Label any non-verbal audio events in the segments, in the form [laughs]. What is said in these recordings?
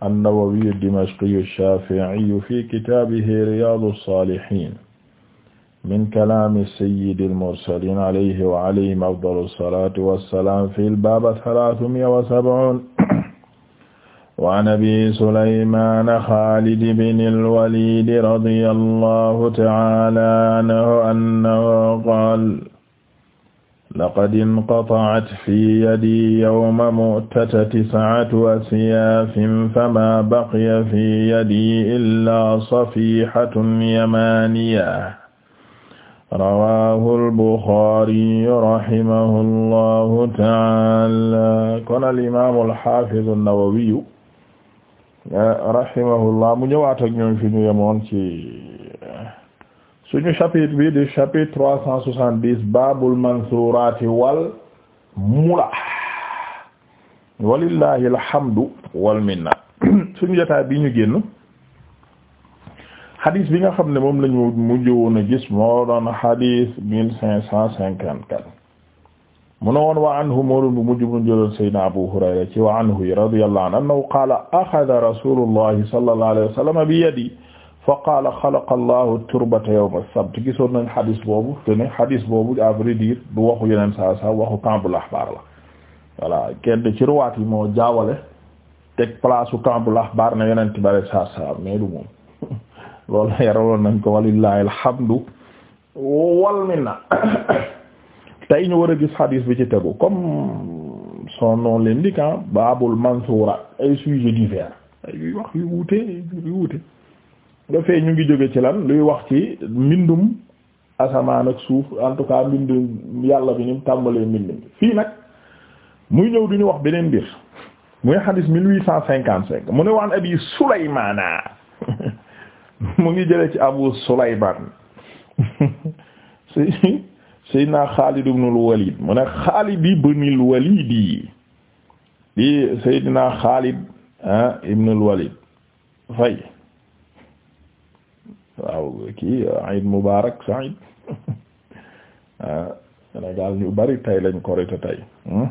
an-Nawawi ad-Dimashqi ash-Shafi'i fi kitaabihi Riyaadu s-Saalihiin min kalaami sayyidi l-mursaliin alayhi wa alayhim afdalu s-salaatu wa s-salaam fil baab thalaathami'a wa sab'uun wa 'an Abi Sulaymaan Khaalid ibn al-Waliid radiyallahu ta'aalaa anhu annahu qaala laqad inqata'at fi yadi yawma mu'tata tis'atu asyaafin fama baqiya fi yadi illaa safihatun yamaaniya rawaahu al-Buxaari rahimahullahu ta'aala kon al-imaamu al-haafizu an-Nawawi rahimahullah mu ñëwaat ak ñoom fi ñu yemoon ci suñu chapitre bi di chapitre trois cent soixante-dix baabul mansuuraati wal mula walillahi alhamdu wal minna [clears throat] suñu jotaay bi ñu génn xadis bi nga xam ne moom lañu mujj woon a gis moo doon xadis mille cinq cent cinquante-quatre mu ne woon wa anhu moo doon bu mujj bu jëloon sayyidina Abu Hurayra ci wa anhu radiyallahu anhu annahu qaala axada rasulullahi sallallahu alayhi wa sallam bi yadi fa qaala xalaqa allahu turbata yawma sabt gisoon nañ xadis boobu te ne xadis boobu à vrai dire du waxu yeneen saa saa waxu Kambul Ahbar la voilà kenn ci ruwaat yi moo jaawale teg place u Kambul Ahbar na yeneen tibare saa saa mais du moom [laughs] loolu yaraloon nañ ko walillahi alhamdu wal minna [coughs] tey ñu war a gis xadis bi ci tegu comme son nom l'indique baabul mansuura ay sujets divers ay wax yu wuute yu wuute nga fee ñu ngi jóge ci lan luy wax ci mbindum asamaan ak suuf en tout cas mbindum yàlla bi ni tàmbalee mbindum fii nag muy ñëw duñu wax beneen mbir muy xadis mille huit cent cinquante cinq mu ne waan abi Sulaymaana [laughs] mu ngi jëlee ci abu Sulaymaan [laughs] Seydina Xaalid ibnul Waliid mu ne Xaalid ibnul Waliid yi di Seydina Xaalid ah, ibnul Waliid fay waaw kii Eid Mubarak Saïd ah Sénégal bari tay lañ korite tey hmm?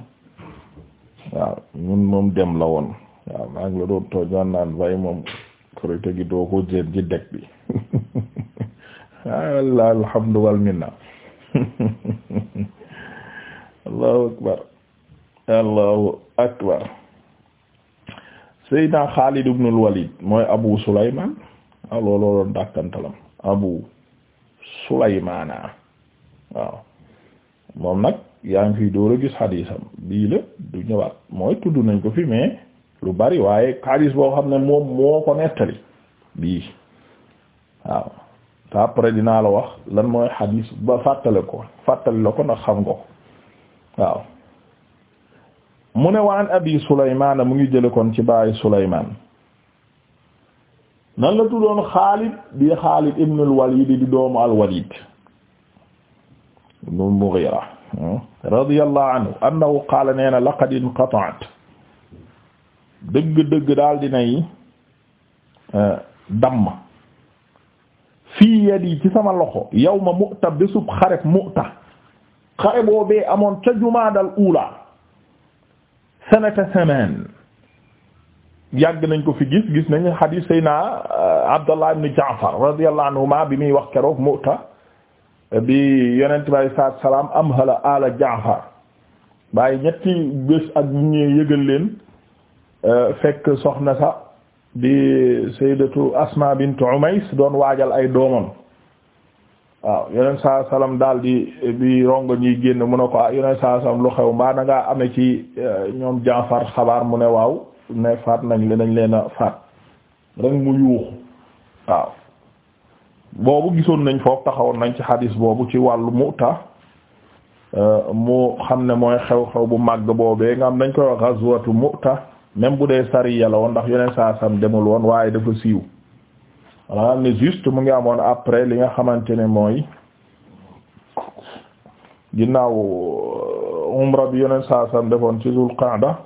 waaw ñun moom dem la woon waaw maa la doon tooñoon naan waaye moom korite gi doo ko jéem ci dëkk bi [laughs] ah, allah alhamdu wal [laughs] allahu akbar allahu akbar Seydina Xaalid ibnul Walid mooy Abu Sulaymaan ah looloo doon dàkkantalam abu sulaymana waaw moom nag yaa ngi fi dóor a gis xadiisam bii la du ñëwaat mooy tudd nañ ko fi mais lu bari waaye xadiis boo xam ne moom moo ko nettali bii waaw te après dinaa la wax lan mooy xadiis ba fàttale ko fàttali la ko ndax xam nga ko waaw mu ne waan abi sulaymaan mu ngi jële kon ci baayu sulaymaan nan la tuddoon Xaalid di Xaalid ibn al-Walid di doomu al-Walid ibn al-Mughira hmm, radiyallahu anhu annahu qaala nee na laqad inqata'at dëgg-dëgg daal dinay eh, damm fii yadi ci sama loxo yawma Mu'ta bésub xareb Mu'ta xare boobee amoon ca jumaadal ula sanata samaan yàgg nañ ko fi gis gis nañ hadith sayna euh, Abdallah ibn Jaafar radiyallahu anhuma bi muy wax keroog Mu'ta bi yonent bi alayhi salaatu salaam am hala ala Jaafar waaye ñetti bés ak ñu yëgal leen euh, fekk soxna sa bi sayyidatu Asma bint Umays doon waajal ay doomam waaw yonent saa salaam daal di bi rongo ñuy génn mu ne ko ah yonent saa lu xew mbaa da ngaa amee ci euh, ñoom Jaafar xabaar mu ne waaw. ne faat nañ le dañ leen a faat rek mu yuuxu waaw boobu gisoon nañ foofu taxawoon nañ ci xadis boobu ci wàllu muta euh, mu xam ne mooy xew-xew bu màgg boobee nga am nañ koy wax ghazwatu muta même bu dee sariya la woon ndax yeneen saa demul woon waaye dafa siiw wala nga am ne juste mu ngi amoon après li nga xamante ne mooy ginnaaw euh, umra bi yeneen saa sam defoon ci zul qaada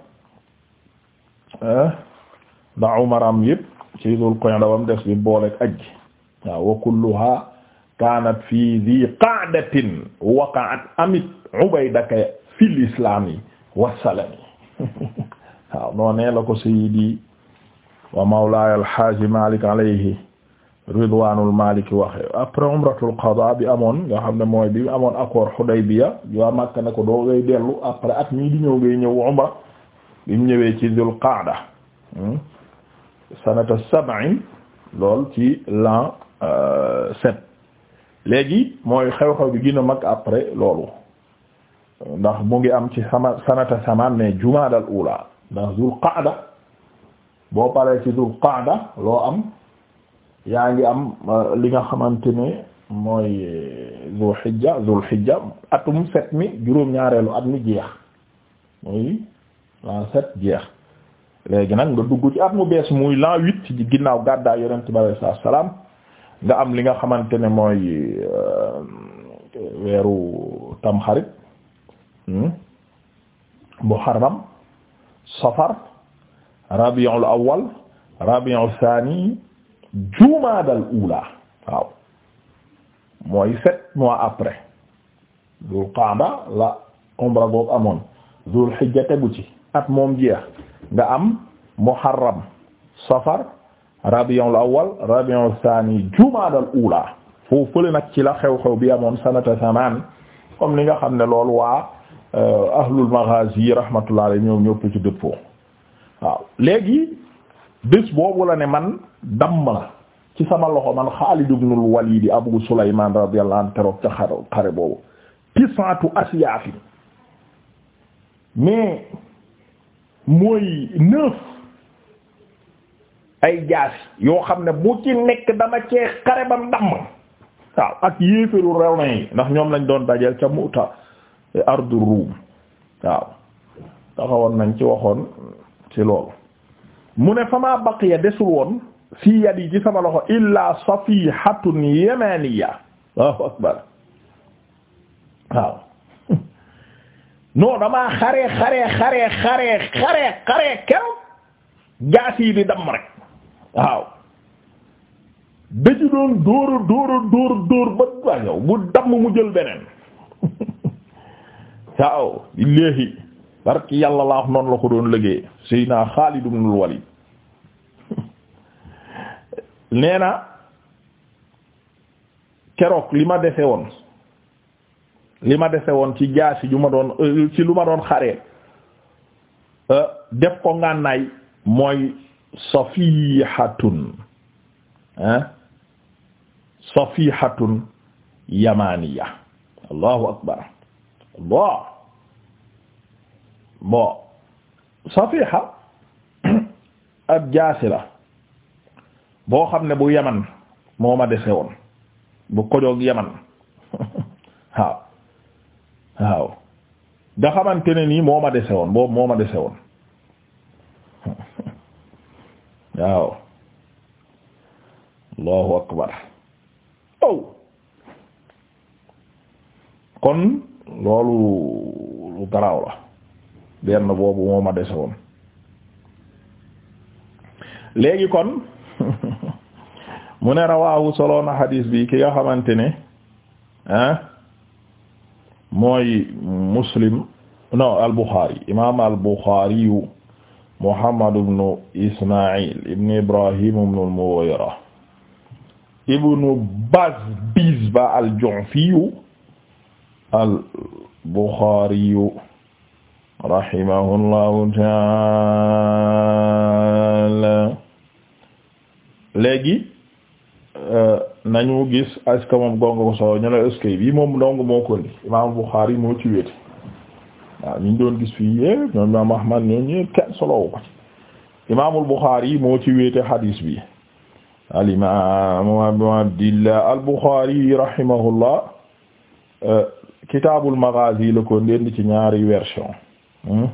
ndax umar am yëpp ci dul qoinda bam des bi booleg aj waaw wa kulluha kanat fi di qa'datin waqa'at amit ubaydaka fil islami wasalami [laughs] waaw noo ne la ko sayyidi wa mawlaaya alhaaji malik alayhi ridwanul malik waxe après amoon nga xam ne mooy bi Makka ne ko doo ngay dellu après at mii di ñëw ngay ñëw umra bi mu ñëwee ci Dul Qaada hmm, sanata sab'in lool ci l'an euh, set léegi mooy xew-xew bi gën a mag après loolu ndax mu ngi am ci sama sanata samaan mais jumaadal ula ndax Dul Qaada boo paree ci Dul Qaada loo am yaa ngi am euh, li nga xamante ne mooy euh, Dul Hijja Dul Hijja atum set mi juróom-ñaareelu at mi jeex l'an sept jeex léegi nag nga dugg ci at mu bees muy l'an huit ci ginnaaw gàddaay yonent bi alayhi salaam nga am li nga xamante ne mooy euh, weeru tamxarit hmm, muharram safar rabiul awwal rabiul thani jumaadal ula waaw mooy sept mois après dul qaada la umra boobu amoon dul hijja tegu ci at moom jeex nga am muharram safar rabiul awwal rabiul thani jumaadal ula foofu fële nag ci la xew-xew bi amoon sanata samaan comme li nga xam ne loolu waa euh, ahlul maghazi rahmatullah alayhi ñoom ñëpp ci dëppoo waaw léegi bés boobu la ne man damm na ci sama loxo man Xaalid ibnul Waliid Abu Sulaymaan radiyallahu anhu keroog ca xare xare boobu tisaatu asyaafin mais mooy neuf ay jaas yoo xam ne bu ci nekk dama cee xare bam damm waaw ak yéeféru rew na yi ndax ñoom lañ doon dajeel ca Mu'ta ardu Ruum waaw taxawoon nañ ci waxoon ci loolu mu ne famaa baqiya desul woon fii yi ci sama loxo illaa safihatun yamaniya Allahu akbar waaw non damaa xaree xaree xaree xaree xaree xaree keroog gaas yi di damm rek waaw daju doon dóora dóora dóor dóor ba waa yow bu damm mu jël beneen [laughs] waaw léegi barki yàlla laa wax noonu la ko doon liggéey Seydina Xaalid ibnul Walid [laughs] nee na keroog li ma defe woon li ma dese woon ci jaasi ju ma doon euh, ci lu ma doon xaree euh, def ko ngànnaay mooy safihatun ah safihatun yamaniya allahu akbar allah bon safiha [coughs] ab jaasi la boo xam ne bu yaman moo ma dese woon bu kojoog yaman [laughs] waaw waaw nga xamante nii moo ma dese woon boobu moo ma dese woon [laughs] waaw allahu akbar aw oh. kon loolu lu garaaw la benn boobu moo ma dese woon léegi kon [laughs] mu ne rawaahu soloon a xadiis bi ki nga xamante ne ah mooy muslim no al-Bukhari imaam al-Bukhari Muhammad ibn Isma'il ibn Ibrahim ibn al-Mughira ibn Bazbizba al-Ju'fi al-Bukhari rahimahullahu ta'ala léegi Euh, nañu gis est-ce que moom gonga ko solo ñu ne est-ce que bii moom dong moo ko indi imaam Buxaari moo ci wéete waaw ñu doon gis fii yëpp ñoom imaam Ahmad ñoom ñëpp kenn solowu ko imaamul Buxaari moo ci wéete hadis bi al imaam Abu Abdillah al Buxaari rahimahullah euh, kitaabul Maghaazi la ko ndend ci ñaari version hmm?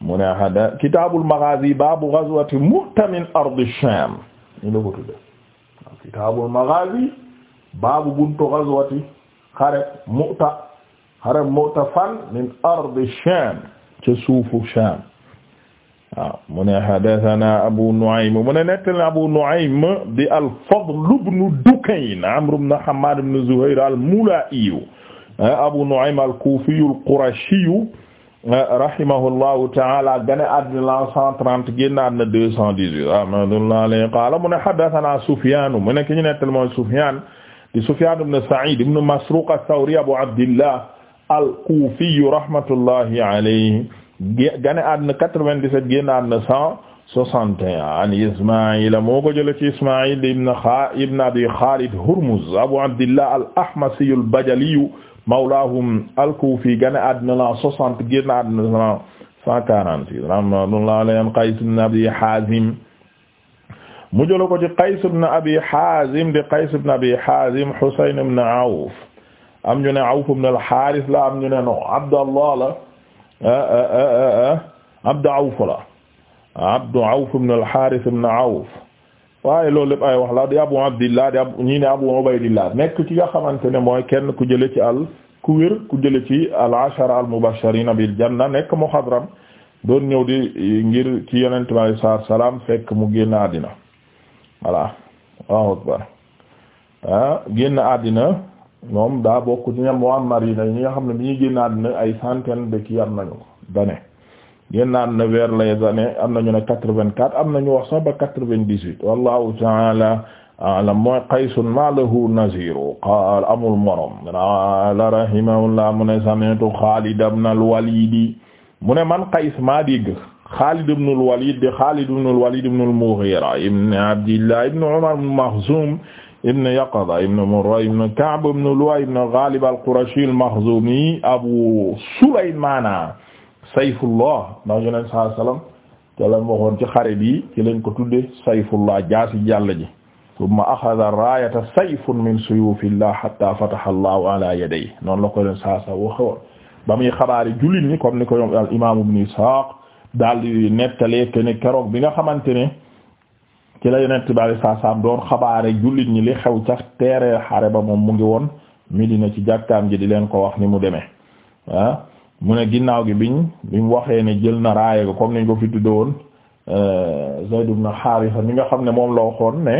mu ne hada kitaabul Maghaazi baabu ghazwati Mu'ta min ardi Shaam ñu la ko tudde kitaabul maghaazi baabu buntu ghazwati xare Mu'ta xare Mu'ta fan min ardi Shaam ca suufu Shaam waaw mu ne haddasanaa Abu Nu'aym mu ne nettali Abu Nu'aym di al-Fadl ibn Dukayn Amr ibn Hammaad ibn Zuhayr al-Mulaa'i Abu Nu'aym al-Kuufi al-Qurashi rahimahullahu ta'ala gane àddina la cent trente génn àddina deux cent dix-huit rahmatullah alayhi qaala mu ne haddathana Sufyaan mu ne ki ñu nettali mooy Sufyaan di Sufyaan ibn Sa'iid ibn Masruuq ath-Thawri Abu Abdillah al-Kuufi rahmatullahi alayhi gane àddina quatre-vingt-dix-sept génn àddina cent soixante et un an Ismaïl moo ko jëlee ci Ismaïl ibn Ibn Abi Xaalid Hurmuz Abu Abdillah al-Ahmasi al-Bajali mawlaahum al-Kufi gane àddina la 60 génn àddina la 146 rahmatullahi alayhi Qays ibn Abi Hazim mu jël ko ci Qays ibn Abi Hazim di Qays ibn Abi Hazim Husayn ibn Awf am ñu ne Awf ibn al-Harith la am ñu ne no Abdallah la eh, eh, eh, Abdu Awf la Abdu Awf ibn al-Harith ibn Awf waaye loolu lépp ay wax la di abu abdillah di abu ñii ne abu ubaydillah nekk ci nga xamante ne mooy kenn ku jële ci al ku wér ku jële ci al ashara al mubashirin bil janna nekk muxadram doon ñëw di ngir ci yonent bi alayhi salaam fekk mu génn àddina voilà waaw akbar ah génn àddina moom daa bokk ci ñam muammar yi ñi nga xam ne bi ñuy génn àddina ay centaine de ki am nañu ko dane génn na vers les années am nañu ne quatre-vingt-quatre am nañu wax sax ba quatre-vingt-dix-huit wallahu ta'ala a'lam mooy qaysun ma lahu naziru qaal amul morom qala rahimahullah mu ne sami'tu Xaalid ibn al-Walid mu ne man qays maa dégg Xaalid ibn al-Walid di Xaalid ibn al-Walid ibn al-Mughira ibn Abdillah ibn Umar ibn Makhzum ibn Yaqadha ibn Murra ibn Ka'b ibn Lu'ay ibn Ghalib al-Qurashi al-Makhzumi Abu Sulaymana sayfullah ndax yonent saa sallam te la waxoon ci xare bi ci lañ ko tudde sayfullah jaasi yàlla ji tumma axada raayata sayfun min suyufillah hatta fataha allahu ala yadayhi noonu la ko yonent saa sallam waxoon ba muy xabaari al imam ibn Isaaq daal di nettalee ne keroog bi nga xamante ne ci la yonent bi alayhi doon xabaare ñi li xew ca teere xare ba moom mu ngi woon ci jàkkaam ji di leen ko wax ni mu demee ah mu ne ginnaaw gi biñ biñ waxee ne jël na raaya ga comme niñ ko fi tudde woon euh, Zayd ibn Haarisa mi nga xam ne moom la waxoon ne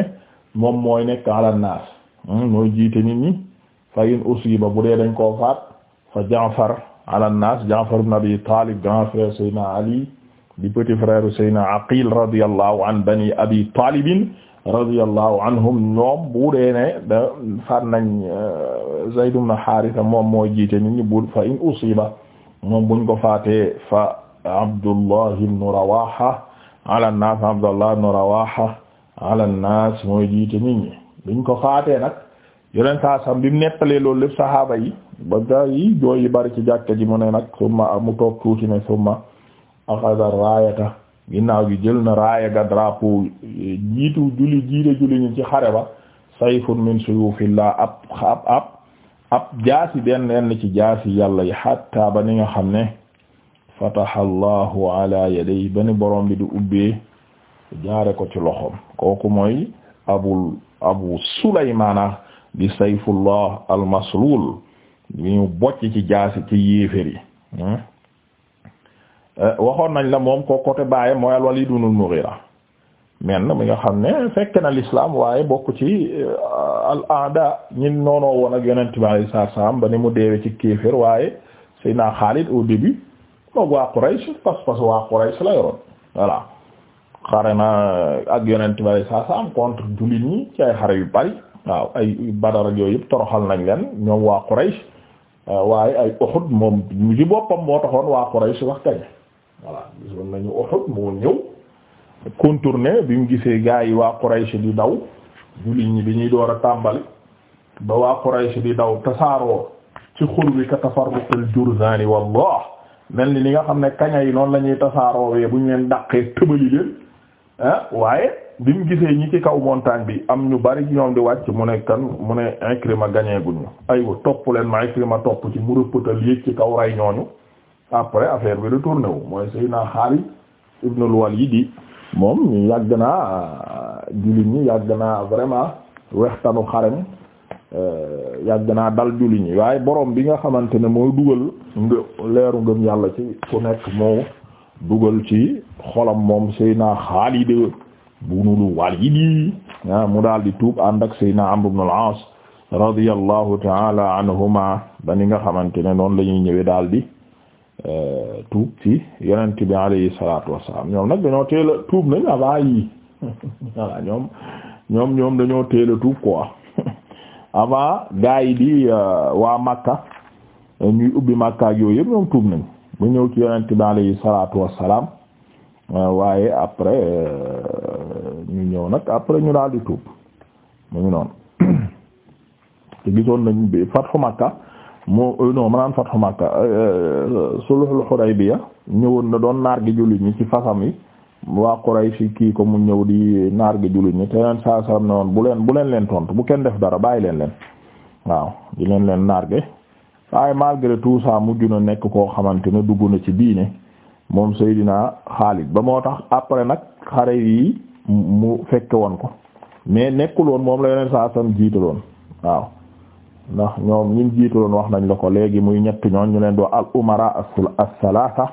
moom mooy nekk ala naas hmm, mooy jiite nit ni fa in usiba bu dee dañ ko faat fa Jaafar ala naas Jaafar ibn Abi Taalib grand frère Seydina Ali di petit frère Seydina Aqil radiyallahu an bani Abi Taalib radiyallahu anhum ñoom bu ne faat nañ euh, Zayd ibn Haarisa moom mooy jiite nit ñi bu fa in usiba moom buñ ko faatee fa Abdullah ibn Rawaha ala an-nas Abdullah ibn mooy jiite nit ñi ko faatee nag yeneen saa sam bi nettalee loolu lépp saxaaba yi ba gaa yi yi bari ci jàkka ji mu ne nag summa mu toog tuuti ne summa axada raayata ginnaaw gi jël na raaya ga drapeau jiitu julli jiite julli ñi ci xare ba sayfun min suyufillah ab ab ab jaasi benn benn ci jaasi yàlla yi hatta ba ni nga xam ne fataha allahu ala yadayhi ba borom bi di ubbee jaare ko ci loxoom kooku mooy abul abu sulaymana di sayfullah almaslul ñu bocc ci jaasi ci yéeféri hmm? eh, waxoon nañ la moom ko côté baayam mooy al walid ibn al menn mi nga xam ne fekk na l'islam waaye bokk ci euh, al ada ñi noonoo woon ak yonent bi alayhi salaam ba ni mu deewe ci kéefër waaye Seydina Xaalid au début moog waa Quraysh pas-pas waa Quraysh la yoroon voilà xare na ak yonent bi alayhi salaam contre jullit ñi ci ay xare yu bari waaw ay Badar ak yëpp toroxal nañ leen ñoom waa Quraysh euh, waaye ay Uhud moom ñu ci boppam moo taxoon waa Quraysh wax kañ voilà gisoon nañu Uhud moo ñëw contourné bi mu gisee gaa yi waa Quraysh di daw jullit ñi bi ñuy door a tàmbali ba waa Quraysh di daw tasaaroo ci xur wi ka tafarruqul jurzaani wallah mel ni li nga xam ne kaña yi noonu lañuy ñuy tasaaroo wee bu ñu leen dàqee tëbali leen ah waaye bi mu gisee ñi ci kaw montagne bi am ñu bari ñoom di wàcc mu ne mu ne Ikrima gañee guñu aywa topp leen ma Ikrima topp ci mu rëppatal yéeg ci kaw rey ñooñu après affaire bi retourné mooy Seydina Xaalid ibnul moom yàgg naa jullit ñi yàgg naa vraiment wextanu xarem euh, yàgg naa dal jullit ñi waaye borom bi nga xamante ne mooy dugal nga leeru ngëm yàlla ci ku nekk moo dugal ci xolam moom Seydina Xaalid ibnul Waliid ah mu daal di tuub ànd ak Seydina Amr ibn al-As radiyallahu ta'ala anhuma ba ni nga xamante ne noonu la ñuy ñëwee daal di. tuub ci yonent bi alayhi salaatu wassalaam ñoom nag dañoo teel a tuub nañ avant yi [laughs] voilà ñoom ñoom ñoom dañoo teel a tuub quoi [laughs] avant gaa yi di euh, waa Makka ñuy ubbi Makka ak yooyu yëpp ñoom tuub nañ ba ñëw ci yonent bi alayhi salaatu wassalaam euh, waaye après euh, ñu ñëw nag après ñu daal di tuub mu ñu noonu [coughs] te gisoon nañ bi Fathu Makka moo euh, non manaan fatxu Makka euh, euh, sulhul Hudaybiya ñëwoon na doon naar gi jullit ñi ci fasam yi waa Quraysh kii ko mu ñëw di naar gi jullit ñi te leen saa salam ne woon bu leen bu leen leen tontu bu kenn def dara bàyyi leen leen waaw di leen leen naar ge waaye malgré tout ça mujj na nekk koo xamante ne dugg na ci diine moom Seydina Xaalid ba moo tax après nag xare yi mu fekke woon ko mais nekkul woon moom la yeneen saa sam jiitaloon waaw ndax ñoom ñim jiitaloon wax nañ la ko léegi muy ñetti ñoon ñu leen doo al umara as-salasa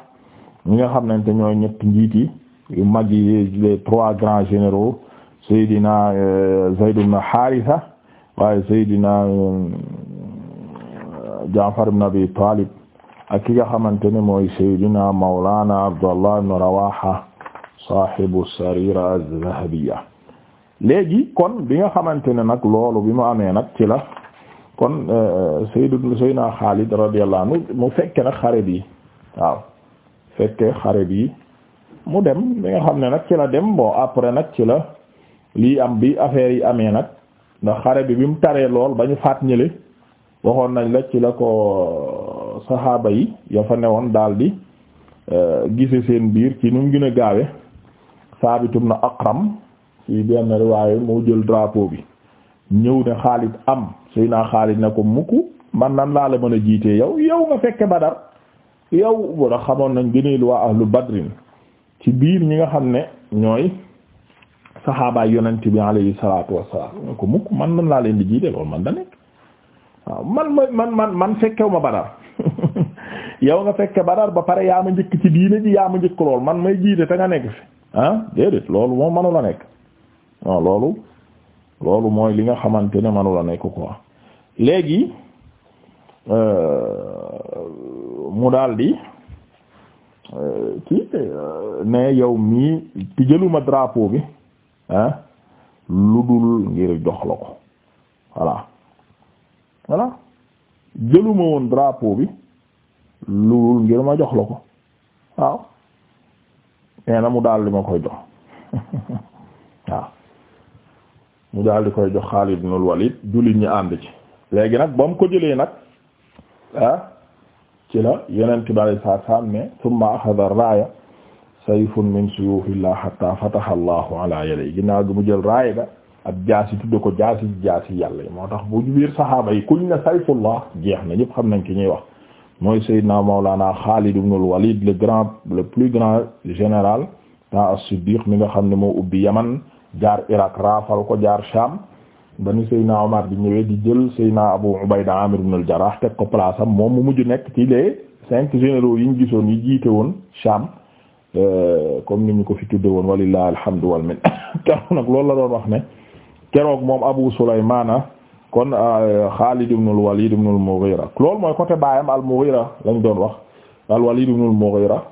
ñi nga xam nante ñooy ñett njiiti yu mag yi les trois grands généraux Seydina euh, Zayd ibn Haritha waaye Seydina euh, Jaafar ibn Abi Talib ak ki nga xamante ne mooy Seydina Mawlana Abdullah ibn Rawaha sahibu sarira az-zahabiyya léegi kon bi nga xamante ne nag loolu bi mu amee nag kon Seydou euh, Seyna Xaalid radiyallahu anhu mu fekke nag xare bi waaw fekke xare bi mu dem bi nga xam ne nag ci la dem bon après nag ci la lii am bi affaire yi amee nag ndax xare bi bi mu taree lool ba ñu faat ñële waxoon nañ la ci la ko euh, saxaaba yi ya fa newoon daal di euh, gise seen biir ci nu mu gën a gaawe Saabit ibn Aqram ci benn riwaaye moo jël drapeau bi ñëw ne Xaalid am suy naa Xaalid ne ko mukk man nan laa la mën a jiitee yow yow nga fekke Badar yow bu xamoon nañ gëneelu waa lu badrin ci biir ñi nga xam ne ñooy saxaabaay yonent bi alayhi salaatu wassalaam ne ko mukk man nan laa leen di jiite loolu man da nekk waaw man ma man man man fekkew ma Badar [laughs] yow nga fekke Badar ba pare yaa ma njëkk ci diine ji yaa ma njëkk man may jiite te nekk fi ah loolu moom manu la nekk waaw loolu loolu mooy li nga xamante ne manula nekk quoi léegi euh, mu daldi euh, ki euh, ne yow mii ti jëluma drapo bi ah lu dul ngir jox la ko voilà voilà jëluma woon drapeau bi lu ngir ma jox la ko waaw nee na mu daldi ma koy jox [laughs] waaw mu daal di koy jox Xaalid ibn Walid jullit ñi ànd ci léegi nag ba ko jëlee nag ah ci la yeneen tubaab saa saa ne summa axada raaya sayfun min suyufillah hatta fataha Allahu ala yadayhi ginnaaw gi mu jël raaya ga ab jaasi tudde ko jaasi jaasi yàlla moo tax bu biir saxaaba yi kuñ ne sayfullah jeex na ñëpp xam nañ ki ñuy wax mooy Seydina Mawlana Xaalid ibn Walid le grand le plus grand général ta ah, as-Siddiq mi nga xam ne moo ubbi Yaman. jaar Irak raafal ko jaar Sham ba ni Seyna Omar di ñëwee di jël Seyna Abu Ubayda Amir ibn al-Jarrah teg ko place am moom mu mujj nekk ci les cinq généraux yi ñu gisoon yi jiite woon Sham euh, comme ni ñu ko fi tudde woon walillahi alhamdu wal [coughs] keroog nag loolu la doon wax ne keroog moom Abu Sulaymana kon Khalid euh, ibn al-Walid ibn al-Mughira lool mooy côté baayam al-Mughira lañ doon wax al-Walid ibn al-Mughira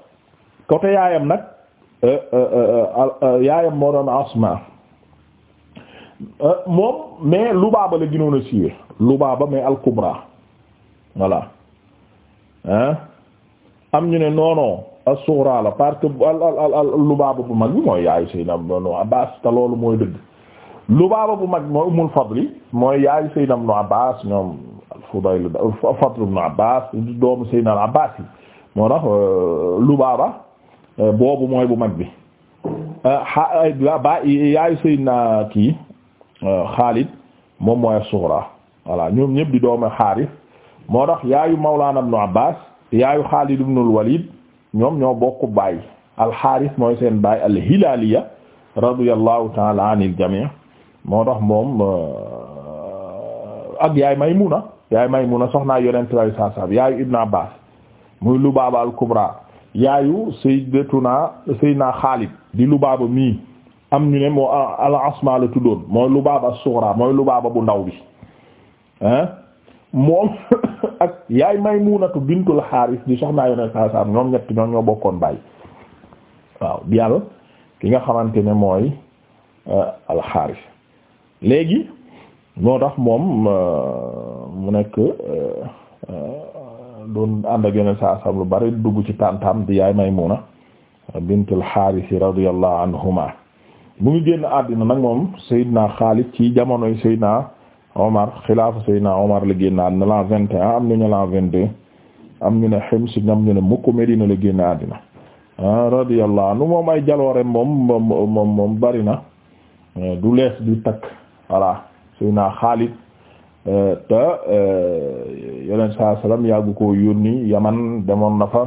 côté yaayam nag. Euh, euh, euh, yaayam moo doon Asma moom mais Lubaaba la gënoon a siiwee Lubaaba mais al-Kubra voilà ah am ñu ne noono non as-Sughra la parce al al Lubaaba bu mag bi mooy yaayu Seydina Ibnu Abbaas te loolu mooy lu Lubaaba bu mag mooy Ummul Fadli mooy yaayu Seydina Ibnu Abbaas ñoom al-Fudayl Fadl ibnu Abbaas doomu Seydina al-Abbaas yi moo tax Euh, boobu mooy bu mag bi euh, a ba yaayu sayyidina kii euh, Xaalid moom mooy as-sughra voilà ñoom ñëpp di doomu Xaaris moo tax yaayu Mawlana ibn Abbas yaayu Xaalid ibn al ñoom ñoo bokk baay al-Xaaris mooy seen baay al-Hilaaliya radiyallahu ta'ala anil jami' moo tax moom ak yaay Maymuna yaay Maymuna soxnaa yonent way sasab yaayu Ibn Abbas muy Lubaaba al-Kubra yaayu sayyidatuna sayyidina Xaalid di Lubaaba mii am ñu ne moo al Asma la tuddoon mooy lu as-Sughra mooy Lubaaba bu ndaw bi moom [coughs] ak yaay Maymunatu bintul Haaris di soxnaa Yonent saa saa ñoom ñett ñoom ñoo bokkoon bàyyi waaw di yàlla ki nga xamante ne mooy euh, al Haaris léegi moo tax moom euh, mu nekk. Euh, doon ànd ak yeneen saa sam lu bari dugg ci tantam di yaay Maymuna bintul Haaris radiyallahu anhuma mu ngi génn àddina nag moom Seydina Xaalid ci jamonoy Seydina Omar xilaafa Seydina Omar la génn àddina l'an vingt et un am ñu ne l'an vingt deux am ñu ne Hims ñam ñu ne mukk Medina la génn àddina ah, radiyallahu anhu moom ay jaloore moom moom moom bari na eh, du lees di takk voilà Seydina Xaalid te eh, yeneen saa salaam yàggu koo yónni yaman demoon na fa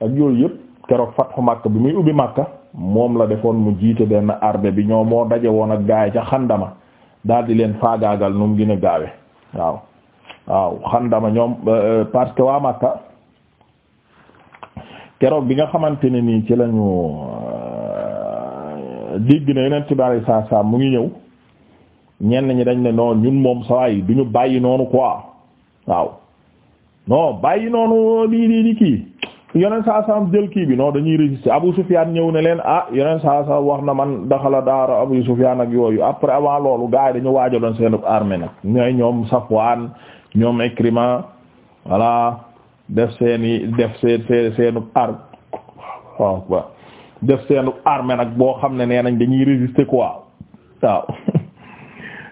ak yooyu yépp keroog fatxu Makka bi muy ubbi Makka moom la defoon mu jiite benn armée bi ñoo moo daje woon ak gaay ca xandama daal di leen faagaagal nu mu gën a gaawe waaw waaw xandama ñoom eh, eh, parce que waa Makka keroog bi nga xamante ne nii ci lañu dégg na yeneen tibaar saa saa mu ngi ñëw ñenn ñi dañ ne non ñun moom sawaay du ñu bàyyi noonu quoi waaw non bàyyi noonu lii lii di kii yoneen saa saam jël kii bi non dañuy résister Abu Sufyan ñëw ne leen ah yoneen saa saam wax na man daxala daara Abu Sufyan ak yooyu après avant loolu gars yi dañu waajaloon seen armée nag ñooy ñoom Safwan ñoom Ikrima voilà def seeni def seen seenu ar seenu armée nag boo xam ne nee nañ dañuy résister quoi waaw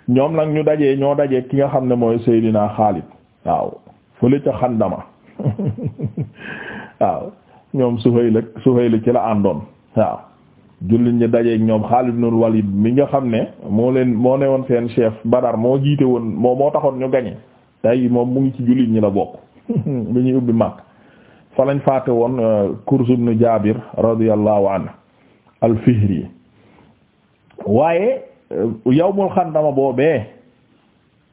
ñoom nag ñu dajee ñoo dajee ki nga xam ne mooy Seydina Xaalid waaw fële ca Xandama [laughs] waaw ñoom Suhayl Suhayl ci la àndoon waaw jullit ñi dajeeg ñoom Xaalid ibn Walid mi nga xam ne moo leen moo ne woon seen chef Badar moo jiite woon moo moo taxoon ñu gañe tey moom mu ngi ci jullit ñi la bokk [laughs] bi ñuy ubbi Makka fa lañ faate woon euh, Kurz ibn Jaabir radiyallahu anhu al-Fihri waaye Euh, yawmul xandama boobee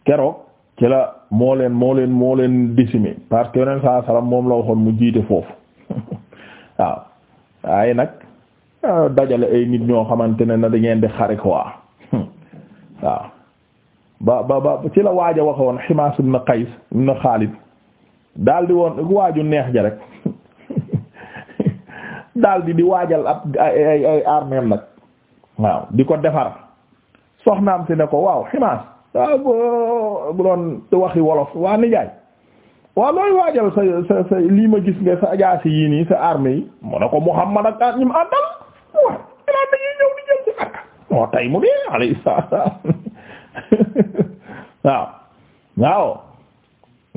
keroog ci la moo leen moo leen moo leen décimé parce que yoneen saa salaam moom la waxoon mu jiite foofu [laughs] waaw waaye nag euh, dajale ay nit ñoo xamante ne na dangeen ngeen di xare quoi [laughs] waaw ba ba ba ci la waaj a waxoon Himaas ibn Qays ibn Xaalid daal di woon waaju neex ja rek [laughs] daal di di waajal ab ay ay armeem nag waaw di ko defar soxnaam si ne ko waaw ximaas waaw bu doon waxi wolof waa nijaay waaw looy waajal sa sa lii ma gis nga sa ajaasi yii nii sa armée yi mu ne ko Muhammad ak ñim mu dee alayhi [laughs] waaw waaw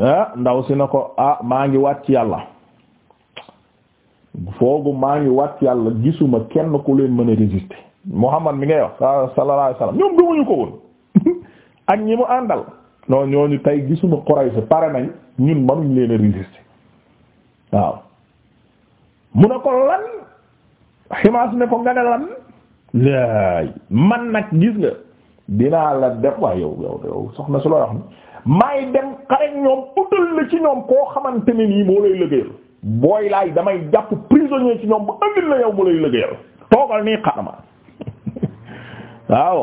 ah, ndaw si na ko ah maa ngi wàcc yàlla foogu maa ngi wàcc yàlla gisuma kenn ku leen mën a résister Muhammad mi ngay wax sallallahu alayhi wasallam ñoom gëmuñu ko woon [laughs] ak ñi mu àndal non ñooñu tey gisuma Quraysh pare nañ ñun mënuñ leen a waaw mu ne ko lan ximaas ne ko nga ne lan laay man nag gis nga dinaa la def waaye yow yow yow soxna su la wax ni dem xare ñoom utal la ci ñoom koo xamante ne nii moo lay liggéeyal booy laay damay jàpp prisonnier ci ñoom bu ëndil la yow mu lay liggéeyal toogal nii xarama waaw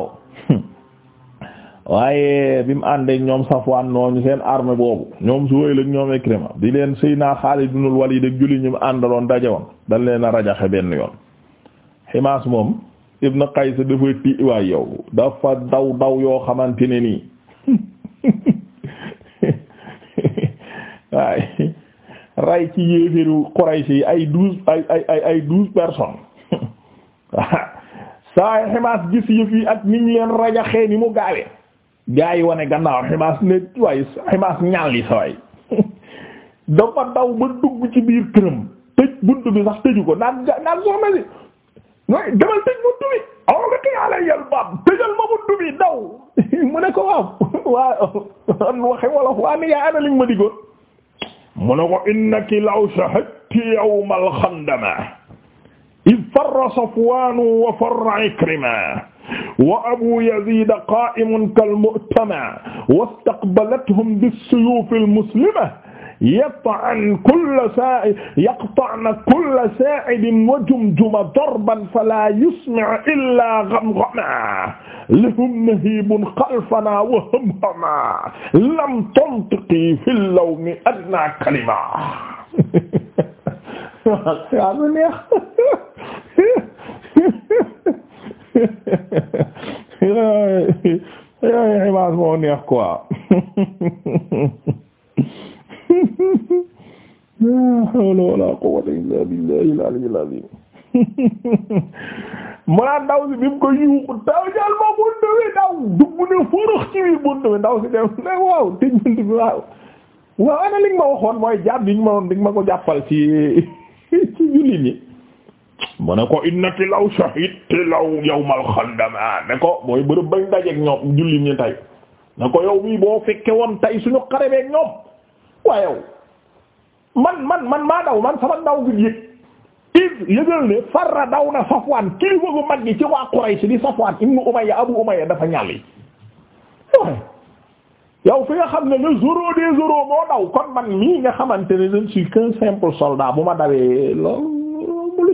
[laughs] waaye bi mu àndeek ak ñoom Safwaan nooñu seen armée boobu ñoom Suhayl ak ñoom Ikrima di leen Seydina Xaalid ibn Walid ak julli ñu mu àndaloon dajewoon dañ leen a rajaxe benn yoon Himaas moom Ibn Qays dafa ti waay yow dafa daw daw yoo xamante ne nii [laughs] waaye ray ci yéeféeru Quraysh yi ay douze ay ay douze personnes [laughs] saa ximaas gis yëf yi ak niñ leen rajaxee ni mu gaawee gaa yi wane gannaaw ximaas ne waaye ximaas ñaal yi saway [laughs] dafa daw ba dugg ci biir këram tëj buntu bi sax tëju ko naan naan soxna si waaye demal tëj buntu bi aw nga ma buntu bi daw [laughs] mu ko waaw walla [laughs] waa ni yaa ana ma diggoon mu ne ko innaki law shahadti yawmal xandama iz farra Safwaanu wa farra Ikrima wa Abuu Yaziid qaa'imun kal-mu'tama wastaqbalathum bis-suyuufi al-muslima yaqta'na kulla saa'id yaqta'na kulla saa'idin wa jumjuma darban falaa yusmi'u illaa ghamghaman lahum nahiibun khalfanaa wa hamhamaa lam tantiqii fil-lawmi adnaa kalima yooyu xibaas moo neex quoi la hawla wala quwwata illa billahi al-aliyyil azim mu naa ndaw si bi mu ko yuuxu daw jël ma bunt bi daw dugg ne forox ci biir bunt bi ndaw si dem ne waaw tëj bunt bi waaw waaw ma waxoon mooy jàpp bi nga ma ma ko jàppal ci [laughs] ci julli ni mu ne ko innati law shahidti law yawmal xandama ne ko mooy bërëb bañ dajeek ñoom jullit ñi tey ne ko yow mii boo fekke woon tey suñu xare beek ñoom waa yow man man man maa daw man sama daw gi yëg yëgal ne farra daw na Safwaan kilifa gu mag gi ci waa Quraysh di Safwaan ibnu Umayya Abu Umayya dafa ñàll yi yow fi nga xam ne le zéro des zéro moo daw kon man mii nga xamante ne je ne suis qu'un simple soldat bu ma dawee loolu mu lu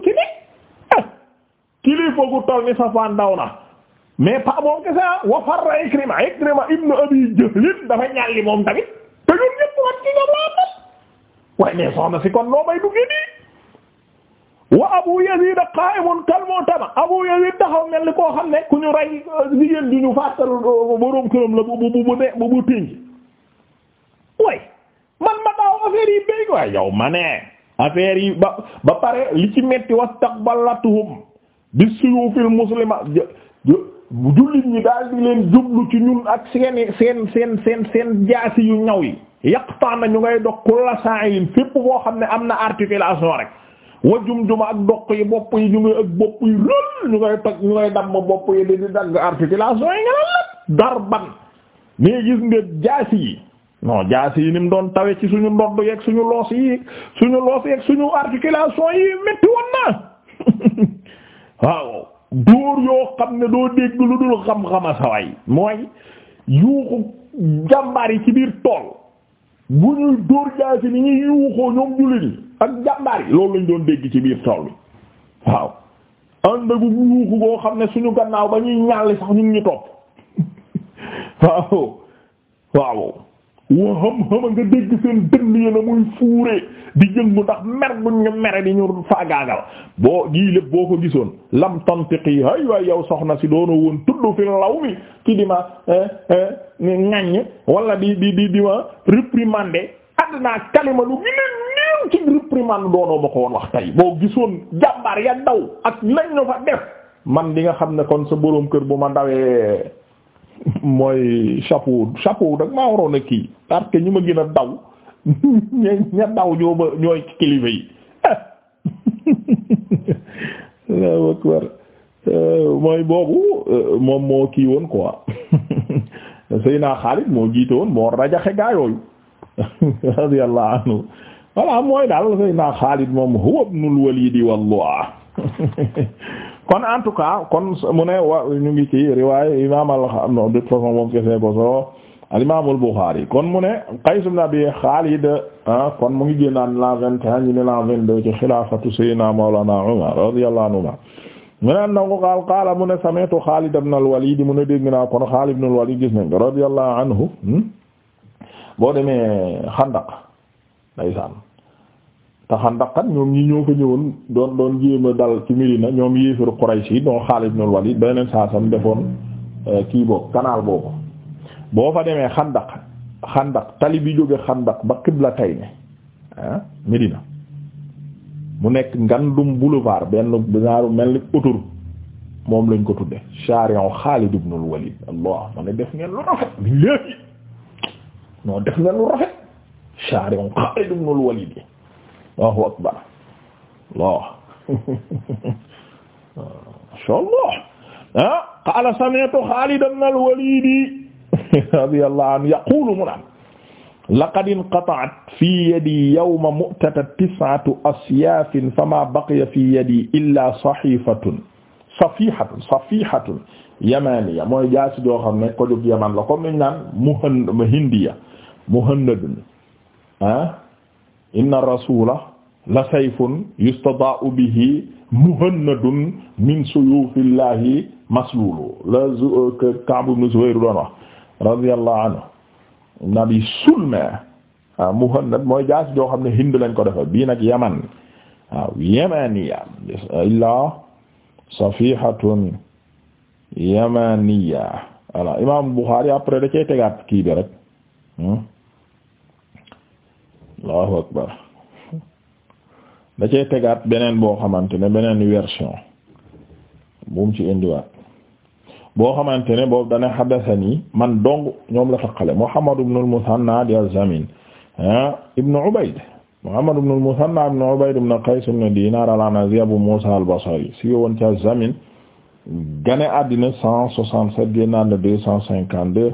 kilifa gu toll ni Safwaan daw na mais pas moom kese ah wa farra Ikrima Ikrima ibnu Abi Jahl dafa ñàlli moom tamit te ñun ñëpp wat ci ñoom laa mel waaye mais soxna si kon noo may duggee nii wa Abu Yazid qa'imun kal mu'tama Abu Yazid taxaw mel ni koo xam ne ku ñu rey jigéen du ñu fàttal boroom këram la bu bu bu bu ne bu bu tënk way man ma daaw affaire yi béy waaye yow ma ne affaire yi ba li ci metti bi suyufil muslima jullit ñi daal di leen jublu ci ñun ak seen seen seen seen seen jaasi yu ñaw yi yaqtaan na ñu ngay dog kulla sa'in fépp boo xam ne am na articulation rek wa jum-juma ak doq yi bopp yi ñu ngay ak bopp yi rël ñu ngay tog ñu ngay damm bopp yi di di dagg articulation yi nga la darban mais gis nga jaasi yi non jaasi yi ni doon tawe ci suñu ndodd yeeg suñu loos yi suñu loos yeeg suñu articulation yi métti woon na [laughs] waaw dóor yoo xam ne doo dégg lu dul xam-xama saway mooy yuuxu jàmbaar yi ci biir tool bu ñuy dóor jaasi ni ñuy yuuxoo ñoom jullit yi ak jàmbaar yi loolu lañ doon dégg ci biir tool bi waaw ànd ak yuuxu boo xam ne suñu gannaaw ba ñuy ñàll sax ñun ñu topp [laughs] waaw waaw wa xam-xama nga dégg seen dënn yéen a muy fuuree di jëngu ndax mer buñ ñu mere di ñu faagaagal boo gii lépp boo ko gisoon lam tantiqi hay waay yow soxna si doona woon tudd fi law mi ci di ma eh, eh, ŋaññ wala di di di di ma réprimander adnaa kalima lu gi leen ci réprimande doonoo ma ko wax tey boo gisoon jàmbaar ya daw ak lañ ñu fa def man di nga xam ne kon sa boroom kër bu ma dawee mooy chapeau chapeau dag maa waroon a kii parce que ñu ma gën a daw ña daw ñooy kilifa yi mooy boobu moom moo kii woon quoi Seyna Xaalid moo jiite woon moo rajaxe gaa yooyu anhu voilà mooy daal Seyna Xaalid moom huwa ibnul Walid wallah kon en tout cas kon mu ne wa ñu ngi ci riwaay imam al de toute façon moom kese ko solo al imam al Bukhari kon mu ne Qays ibn Abi ah, kon mu ngi génnaan la vingt et un ñu ne la vingt ci xilaafatu sayyidina Mawlana Umar radiyallahu anhu mu ne annahu qaala qaala mu ne sami'tu Khalid ibn al-Walid mu ne dégg naa kon Khalid ibn al-Walid gis nañ ko radiyallahu anhu hmm? boo demee Xandaq ndeysaan taxandaqat ñoom ñi ñoo fa ñëwoon doon doon jéem a dal ci Medina ñoom yéefar Quraysh yi doon Xaalid ibn Walid beneen saasam defoon euh, kii boobu boobu boo fa demee xandaq xandaq tali bi jóge xandaq ba Qiblatay ne ah Medina mu nekk ngandum boulevard benn bizaaru mel ni autoroute moom lañ ko tudde charion Xaalid ibn Walid allah ma ne def ngeen lu rafet billahi noo def ngeen lu rafet charion Xaalid ibn Walid Allahu akbar Allah masha Allah ah qaala sami'tu Xaalid ibn al-Waliid radiyallahu anhu yaqulu mu naan laqad inqata'at fii yadii yawma mu'tata tis'atu asyaafin famaa baqiya fii yadii illaa sahiifatun safiihatun safiihatun yamaaniya mooy jaasi joo xam ne ko jóg Yaman la comme ni ñu naan muhanna hindiya muhannadun ah inna rasula la sayfun yustadaa'u bihi muhannadun min suyufillahi maslulu la euh, Ka'b ibn Zuhayr doon wax radiyallahu anhu nabi sulma waaw ah, muhannad mooy jaasi joo xam ne Hind lañ ko defe bii nag yaman waaw ah, yamaniya illaa safihatun yamaniya voilà imam Bukhari après da cay tegaat kii bi rek hmm? allahu akbar da tegaat beneen boo xamante ne beneen version bumu ci indiwaat boo xamante ne boobu dana hadathani man dong ñoom la taqale Muhammad ibn al-Muthanna di al-Zamin ah, ibn Ubayd Muhammad ibn al-Muthanna ibn Ubayd ibn Qays ibn Dinar al-Anazi Abu Musa al si woon ci al gane àddina cent soixante-sept génnaat na deux cent cinquante-deux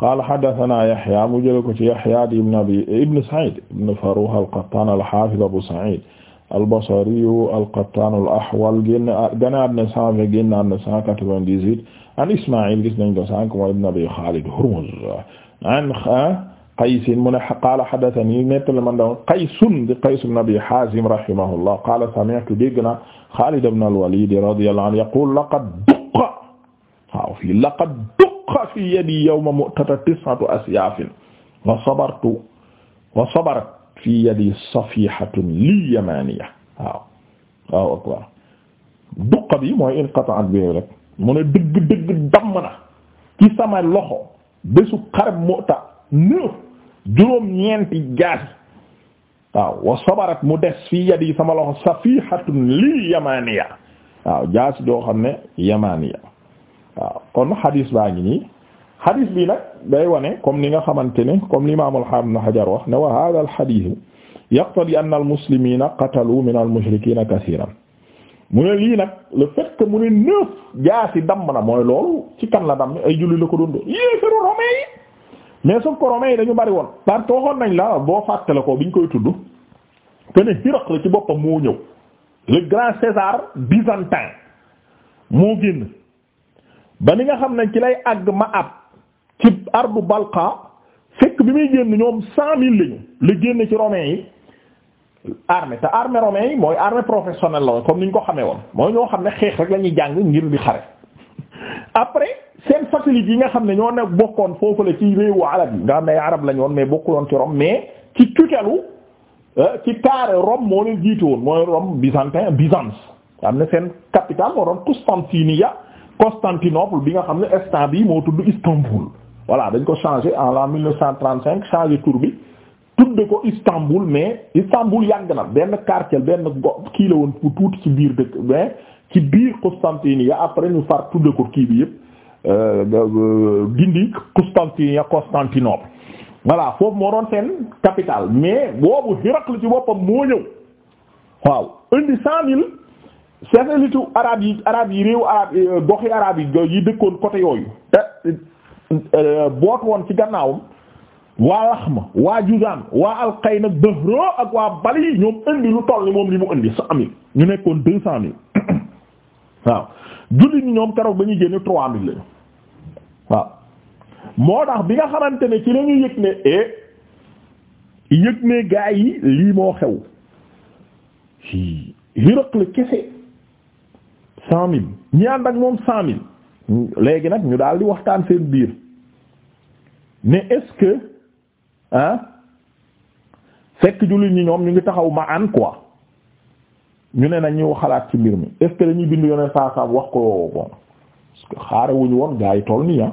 qaala haddasanaa Yahyaa mu jël ko ci Yahyaa di ibn Abi ibn Sa'iid ibn Farruukh al-Qattaan al-Haafiz Abu Sa'iid al-Basri al-Qattaan al-Ahwal génn gànnaar na cent vingt génnaar na cent quatre-vingt-dix-huit an Ismaa'iil gis nañ ko sànq mooy ibn Abi Khaalid Hurmuz an Qays mu ne qaala haddathanii nettali man daw Qays di Qays ibn Abi Haazim rahimahullah qaala sami'tu dégg na Khaalid ibn al-Waliid radiyallahu anhu yaquulu laqad duqqa waaw fii laqad duqqa shaqqa fi yadi yawma mu'tata tis'atu asyafin wa sabartu wa sabarat fi yadi safihatun li yamaniya waaw waaw akbar duqa bi mooy inqata'at bi rek mu ne dëgg dëgg damm na ci sama loxo bésu xareb Mu'ta neuf juróom-ñeenti jaasi waaw wa sabarat mu des fi yadi sama loxo safihatun li yamaniya waaw jaasi joo xam ne yamaniya waaw kon xadis baa ngi nii xadis bi nag day wane comme ni nga xamante ne comme l'imam al-Hafiz Hajar wax ne wa hadha al-hadith yaqtadi anna al-muslimina qatalu min al-mushrikina kathiran mu ne lii nag le fait mu ne neuf jaasi damm na mooy lool ci kan la damm ay julli la ko doon doon yéefaru romain yi mais sauf que romain yi dañu bari woon parce waxoon nañ la boo fàtte la ko biñ koy tudd que ne Hiraql ci boppam moo ñëw le grand César byzantin moo ba ni nga xam ne ci lay àgg ma ab ci ardu balqa fekk bi muy génn ñoom cent mille lañu li génn ci romains yi armée te armée romains yi mooy armée professionnelle la woon comme ni ñu ko xamee woon mooy ñoo xam ne xeex rek la ñuy jàng ngir di xare après seen satellites yi nga xam ne ñoo ne bokkoon foofu la ci réewu arab yi nga xam ne ay arab lañu woon mais bokkuloon ci Rome mais ci tutelu euh, ci carré Rome moo leen jiitu woon mooy Rome byzantin Byzance am na seen capitale moo Constantinople bi nga xam ne instant bi moo tudd Istanbul voilà dañ ko changé en l'an 1935 changé tur bi tudde ko Istanbul mais Istanbul yàgg na benn quartier benn go kii la woon bu tuuti ci biir dëkk mais ci biir Constantinople après ñu far tudde ko kii bi yëpp euh, euh, dindi Constantinople Constantinople voilà foofu moo doon seen capitale mais boobu Hiraql ci boppam moo ñëw waaw indi cent mille seen élite arabe yi arabe yi réew arabe euh, goxi arabe euh, yi dëkkoon côté yooyu te euh, boot woon ci gannaawam waa ma waa Juzaan waa Alqayna Dëhro ak waa Bali ñoom indi lu toll ni moom li mu indi cent mille ñu nekkoon deux cent mille [coughs] waaw jullit ñi ñoom keroog ba ñuy génne trois mille lañu waaw moo tax bi nga xamante ne ci la ñu yëg ne e yëg ne gaa yi lii moo xew Hiraql kese cent mille ñi ànd ak moom cent mille léegi nag ñu daal di waxtaan seen biir ne est-ce que ah fekk jullit ñi ñoom ñu ngi taxaw ma an quoi ñu ne na ñu xalaat ci mbir mi est-ce que dañuy bind yoneen saasaam wax ko bon parce que xaare wuñu woon gaa yi toll nii ah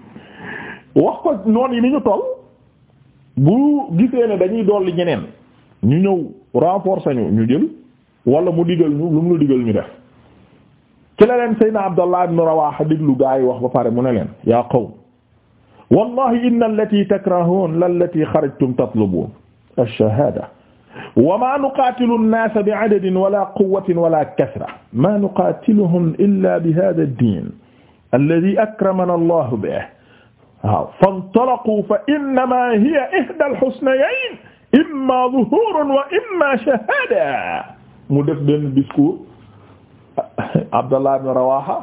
[laughs] wax ko noon yi ni ñu toll bu gisee ne dañuy dolli ñeneen ñu ñëw renforcer ñu ñu jël wala mu digal ñu lu mu digal ñu def ci la leen Seydina Abdallah ibn Rawaha déglu gaa yi wax ba pare mu ne leen yaa qawm wallahi inna allati takrahun lallati xarajtum tatlubun ash-shahada wa ma nuqatilu an-nasa bi'adadin wala quwwatin wala kasra ma nuqatiluhum illa bi hadha ad-din alladi akramana allahu bihi waaw fantalaqu fa innama hiya ihda al-husnayayn imma dhuhurun wa imma shahada mu def benn discours Abdallah ibn Rawaha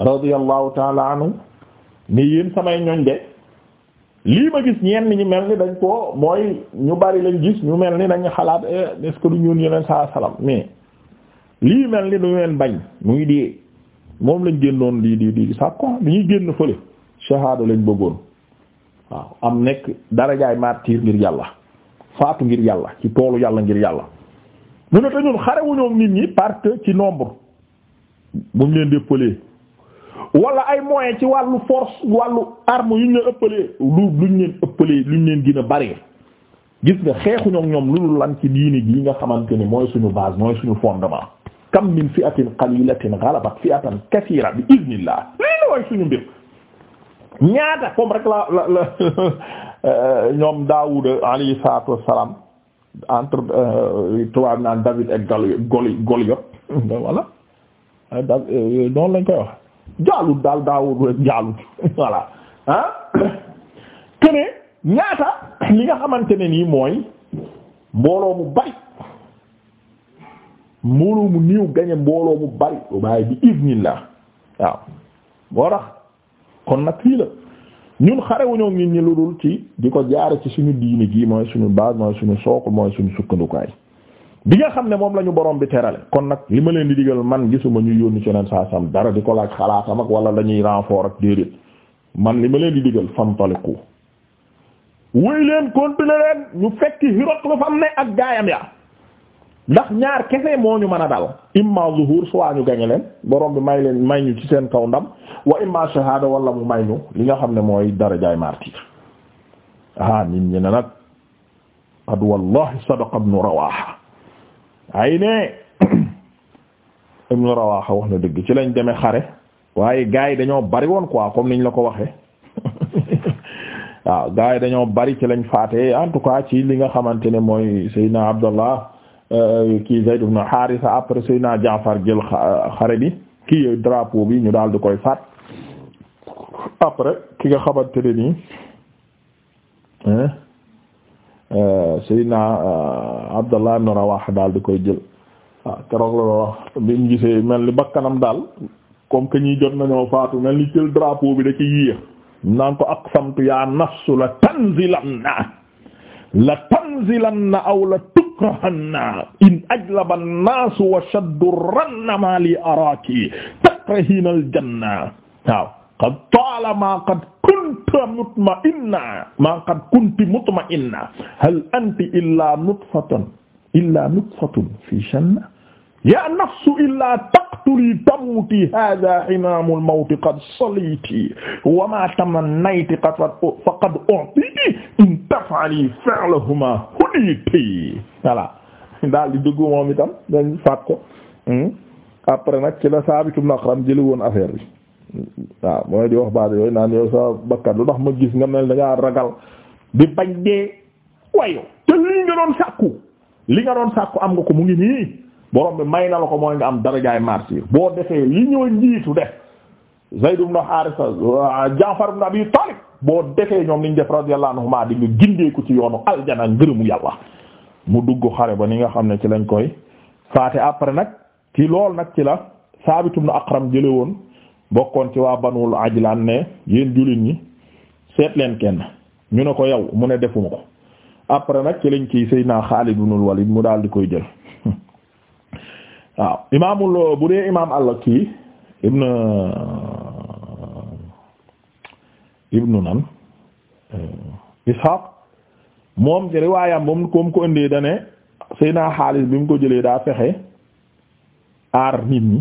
radiyallahu taala anhu ni yéen samay ñoñ de lii ma gis ñu mel ni dañ ko mooy ñu bari lañ gis ñu mel ni dañ xalaat eh, est-ce que du ñun yeneen saa salaam mais lii mel ni du leen bañ ngi dee moom lañ génnoon lii di di sax quoi dañuy génn fële shahada lañ bëggoon waaw am nekk darajaay martyr ngir yàlla faatu ngir yàlla ci toolu yàlla ngir yàlla mu ne te ñun xarewuñoom nit ñi parce que ci nombre bu ñu leen di ëppalee wala ay moyens ci wàllu force wàllu arme yu ñu leen ëppalee lu ñu leen ëppalee luñ leen gën a bari gis nga xeexuñook ñoom lu dul lan ci diini gi nga xamante ni mooy suñu base mooy suñu fondement kam min fi'atin qalilatin ghalabat fi'atan kathira bi iznillah lii la way suñu mbir ñaata comme rek la la la [laughs] euh, ñoom Daawuda alayhi salaatu wassalaam entre euh, tubaab naan David ak Goli Goli Goliot [laughs] voilà ah, da euh, euh, lañ koy wax jaalut daal daawul rek jaalut [laughs] voilà ah te [coughs] ñaata [coughs] li nga xamante ne nii mooy mbooloo mu bari mbooloo mu niiw gañe mbooloo mu bari waaye bi iznillah waaw boo tax kon nag fii la. ñun xarewuñoo nit ñi lu dul ci di ko jaare ci suñu diini gii mooy suñu base mooy suñu sook mooy suñu sukkandukaay bi nga xam ne moom la ñu borom bi terale kon nag li ma leen di digal man gisuma ñu yónni ci neen saa sam dara di ko laaj xalaatam ak wala lañuy renfort ak déedéet man li ma leen di digal fantaliku wéy leen continuer leen ñu fekki Hiraqlu fam ne ak gaayam ya ndax ñaar kese moo ñu mën a dal imma zuhur su waa ñu gañe leen borom bi may leen may ñu ci seen kaw ndam wa imma shahada wala mu may ñu li nga xam ne mooy darajaay martyr ah nit ñi ne nag qad wallahi sadaqa ibnu rawaha ay ne ibnu rawaha wax na dëgg ci lañ demee xare waaye gaa yi dañoo bari woon quoi comme niñ la ko waxee waaw [laughs] ah, gaa yi dañoo bari ci lañ faate en tout cas ci li nga xamante ne mooy Seydina Abdallah Euh, kii Zayd ibn Haarisa après Seydina Jaafar jël xare bi kii drapeau bi ñu daal di koy faat après ki nga xamante ne nii euh, Seydina euh, Abdallah ibn Rawaaha daal di koy jël waaw keroog la wax bi mu gisee mel ni bakkanam daal comme que ñi jot nañoo faatu mel ni jël drapeau bi da yéex naan ko aqsamtu yaa nafsu la tanzilanna la tanzilanna aw la tukrahanna in ajlaba an-naas wa shaddu ranna ma li araaki takrahina al-janna waaw qad taala ma qad kunta mutma'inna ma qad kunti mutma'inna hal anti illa nutfatun illa nutfatun fi shanna ya nafsu illa tuli tamuti hada himamul mawti qad saliti wa ma tamannayti qad faqad u'titi in taf'ali fi'lahuma huliti voilà daal di dugg moom itam dañ faat ko hmm? après nag ci la Saabit ibn Aqram jëli woon affaire bi waaw mooy di wax baat yooyu naan yow sa bakkat lu tax ma gis nga mel da ngaa ragal di bañ dee wayo te lii nga doon sàkku li nga doon sàkku am nga ko mu ngi nii borom bi may na la ko mooy nga am darajaay martyr boo defee li ñoo njiitu def Zayd ibn Haarisa euh, Jaafar ibn Abi Taalib boo defee ñoom niñ def radiyallahu anhuma di nga ko ci yoonu aljana ngërëmu yàlla mu dugg xare ba ni nga xam ne ci lañ koy faate après nag ci lool nag ci la Saabit ibn Aqram jële woon bokkoon ci waa Banul Ajlaan ne yéen jullit ñi seet leen kenn ñu ne ko yow mu ne defuma ko après nag ci lañ ci Seydina Xaalid ibn Walid mu daal di koy jël waaw imaamul bu dee imaam allah kii ibnu ibnu nan eh, Ishaq moom ci riwaayam moom comme ko indee da ne Seydina Xaalis bi mu ko jëlee daa fexe aar nit ñi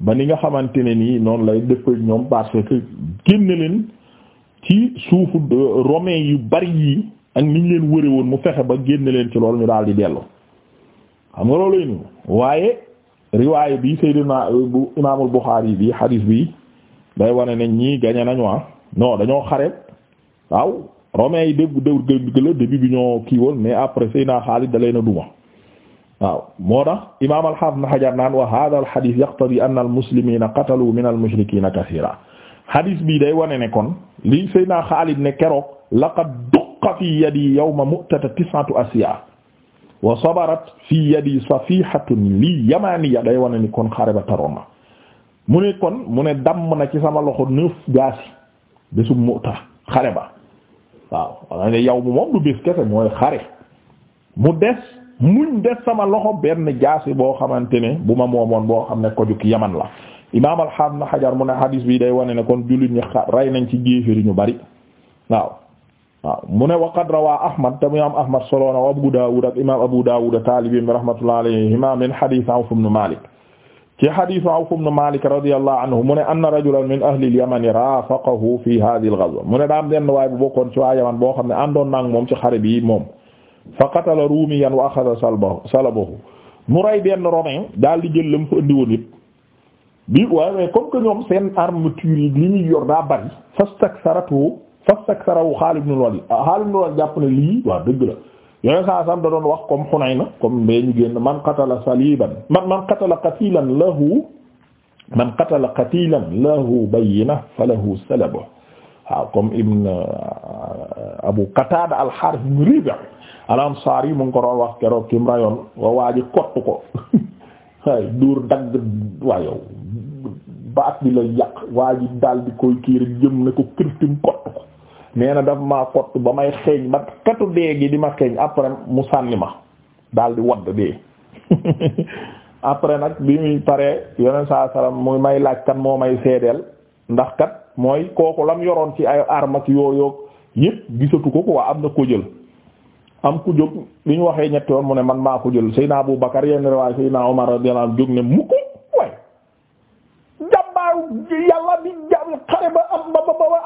ba ni nga xamante ne nii noonu lay def ak ñoom parce que génne leen ci suufu eh, romain yu bari yi ak niñ leen wëre woon mu fexe ba génne leen ci loolu ñu daal di dellu xam nga loolu lay nuyu waaye riwaay bi Seydina euh, bu imaamul Buxaari bi hadis bi day wane ne ñii gañe nañu ah non dañoo xareet waaw romain yi de dégg la début bi ñoo kii woon mais après Seydina Xaalid da na duma waaw moo tax imaam al-Haafiz Ibn Hajar naan wa haaza al-hadiis yaqtadii anna al-muslimiina qataluu mina al-mushrikiina kasiiran hadis bi day wane ne kon li Seydina Xaalid ne keroog laqad duqqa fii yadii yawma mu'tata tis'atu asyaa wa sabarat fi yadi safihatun li yamaniya day wane ni kon xare ba taroon na mu ne kon mu ne damm na ci sama loxo neuf jaasi bésub Mu'ta xare ba waaw wala ne yow bu moom du bés kese mooy xare mu des muñ des sama loxo benn jaasi boo xamante ne bu ma moomoon boo xam ne ko yaman la imaam al-Hafiz Ibn Hajar mu ne hadis bi day wane ne kon jullit ñi rey nañ ci géeféri ñu bari waaw waaw mu ne waqad rawaa ahmad te imaam ahmad soloona wa abu daawud ak imaam abu daawud taalibim rahmatullah alayhima min hadith awf ibn malik ci hadith awf ibn malik radiyallahu anhu mu ne anna rajulan min ahli al-yaman raafaqahu fi hadhihi al-ghazwa mu ne daam benn waay bu bokkoon ci waa yaman boo xam ne àndoon naag moom ci xare bi moom fa qatala rumiyan wa akhadha salbahu salabahu mu rey benn romain daal di jël lam fa indi woon yëpp bi waaye comme que ñoom seen armature yi li ñuy yor daa bari fastaktaratu fastaksarahu Xaalid ibn Walid ah, Xaalid ibn Walid jàpp ne lii waaw dëgg la yooyu saa sam da doon wax comme Hunayna comme bee ñu génn man qatala saliban man man qatala qatilan lahu man qatala qatilan lahu bayyina falahu salabu waaw comme ibn ah, Abu Qatada al-Harith ibn Ribi' al-Ansari mu ngi ko doon wax keroog kim rayon wa waa ji kott ko [laughs] ay duur dagg waa yow baat bi la yàq waa ji daal di koy kii rek jëm ne ko kërtim kott ko nee na daf maa kott ba may xeeñ ba katu dee gi di ma xeeñ après mu sànni ma daal di wadd dee [laughs] après nag bi muy paree yoneen saa salaam muy may laaj kat moo may seedeel ndax kat mooy kooku lam yoroon ci ay armes ak yooyu yëpp gisatu ko waa am na ko jël am ku jóg lu ñu waxee ñetti yoon mu ne man maa ko jël Seydina Abu Bakar yenn riwaay Seydina Omar radiyallahu anhu jóg ne mukk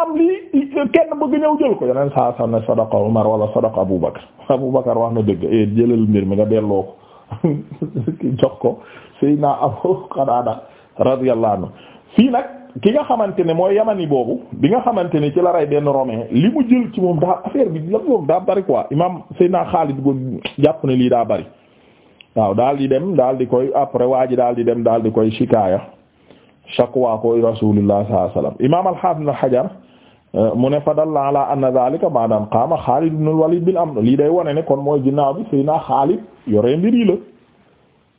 am lii kenn bëgg ñëw jël ko yeneen saa saa sadaqa Umar wala sadaqa Abu Bakr Abu Bakr wax na dëgg eh jëlal mbir mi nga delloo ko [laughs] jox ko Seydina Abu Qadaada radiyallahu anhu fii nag ki nga xamante ne mooy yamani boobu bi nga xamante ne ci la rey benn romain li mu jël ci moom daa affaire bi la bari quoi imam Seydina Xaalid jàpp ne lii daa bari waaw daal di dem daal di koy après waa ji daal di dem daal di koy shikaaya shakwa ko Rasulullah sallallahu alayhi wasallam imam al mu ne fa dalla ala anna zalika maadaam qaama Xaalid ibn walid bil amr lii day wane ne kon mooy ginnaaw bi sëy naa Xaalid yoree mbir yi la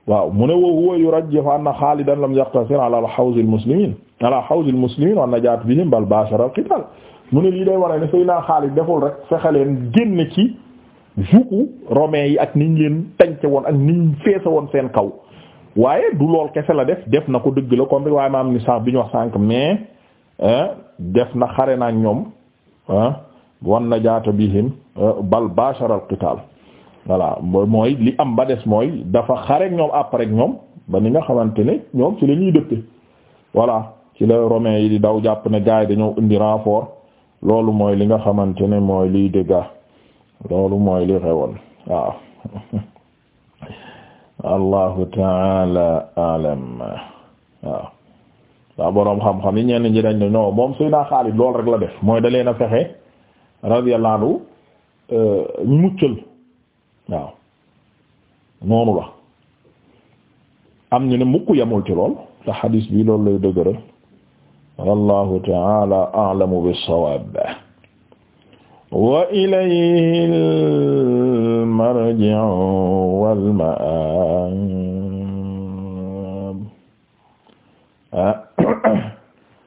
waaw mu ne wa huwa yurajjihu anna Xaalidan lam yaqtasir ala hawz al-muslimin ala hawz al-muslimin wa najaat bihim bal baashara al-qitaal mu ne lii day wane ne sëy naa Xaalid deful rek fexe leen génn ci juku romain yi ak ni niñ leen tànce woon ak niñ feese woon seen kaw waaye du lool ke la def def na ko dëgg la comme bi ñu wax sànq mais def na xare naak ñoom ah, wan na jaata bihim eh, bal bashara al qital voilà mooy li am ba des mooy dafa xare ñoom après ñoom ba ni nga xamante ne ñoom ci la dëppe voilà ci la romain yi daw jàpp ne gars yi dañoo indi renfort loolu mooy li nga xamante ne mooy liy dëgga loolu mooy li xewoon waaw [laughs] allahu taala alam waaw waaw boroom xam-xam yi ñenn ñi dañ ne non moom Seydina Xaalid lool rek la def mooy da leen a fexe radiyallahu euh, la am ñu mukk yamul ci lool te xadiis bi loolu lay dëgëral wallahu ta'ala a'lamu bis-sawab wa ilayhi al-marji'u wal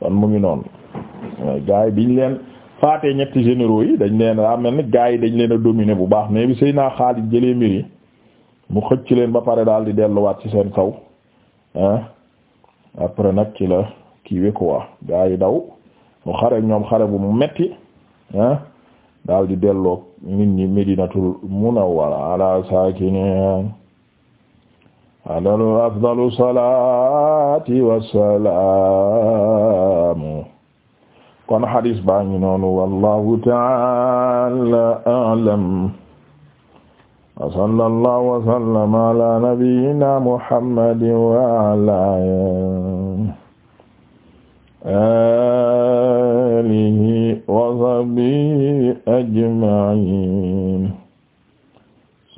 kon mu ngi noonu euh, gaa yi biñ leen faatee ñetti généraux yi dañ leen daa mel ni gaa yi dañ leen a dominer bu baax mais bi sëy naa Xaalid jëlee mbir yi mu xëcc leen ba pare daal di delluwaat ci seen kaw après nag ci la kii wé quoi yi daw mu xare ñoom xare bu mu metti daal di delloo nit ñi Medinatul Munawwara ala saakini alayhi afdalu salaati wassalaamu kon hadis baa ngi noonu wallahu ta'ala a'lam wa sallallahu wa sallama ala nabiyyina muhammadin wa ala alihi wa sahbihi ajma'in